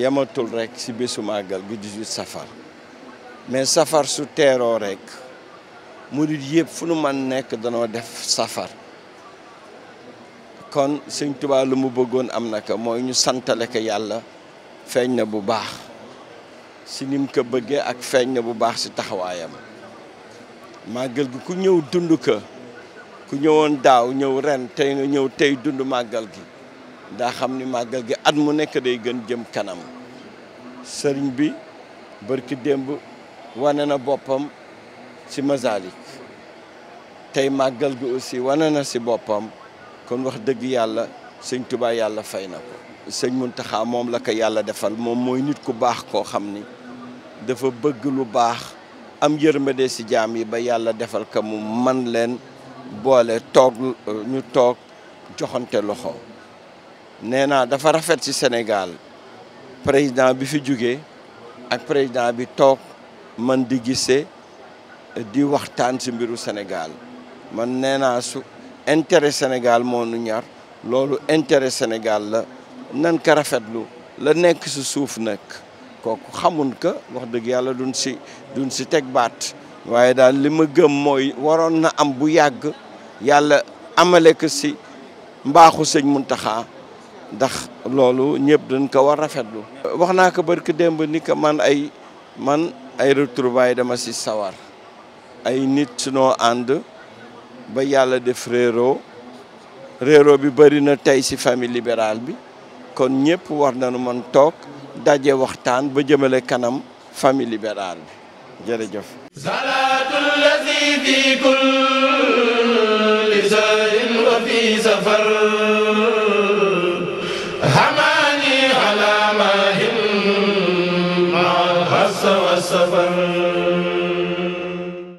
yamatul rek ci bésu màggal gu 18 safar mais safar su teeroo rek murid yëpp fu nu man nekk danoo def safar kon sëñ Tuubaa lu mu bëggoon am na ko mooy ñu santale ko yàlla feeñ na bu baax si nim ko bëggee ak feeñ na bu baax si taxawaayam màggal gi ku ñëw dund ka ku ñëwoon daaw ñëw ren tey nga ñëw tey dund màggal gi daa xam ni màggal gi at mu nekk day gën jëm kanam sëriñ bi bërki démb wane na boppam si Masalik tey màggal gi aussi wane na si boppam kon wax dëgg yàlla sëñ Tuubaa yàlla fay na ko mun Muntaxa moom la yàlla defal moom mooy nit ku baax koo xam ni dafa bëgg lu baax am yërmande si jaam yi ba yàlla defal ko mu man leen boole toog ñu toog joxante loxo nee naa dafa rafet si Sénégal président bi fi jóge ak président bi toog man di gisee di waxtaan ci mbiru Sénégal man nee intérêt Sénégal moo nu ñaar loolu intérêt Sénégal la nan ko rafetlu la nekk si suuf nag kooku xamun ko wax dëgg yàlla duñ si duñ si teg baat waaye daal li ma gëm mooy waroon na am bu yàgg yàlla amale ko si mbaaxu sëñ Muntaxa ndax loolu ñëpp dañ ko war rafetlu. wax naa ko barki demb ni que man ay man ay retrouvailles dama si sawar ay nit sunoo ànd. ba yàlla def réeroo réeroo bi bëri na tey ci famille libérale bi kon ñëpp war nañu mën toog daje waxtaan ba jëmale kanam famille libérale bi jërëjëf salaatul lazi fi kulli sahrin wa fi safar hamani ala mahin ma al wa safar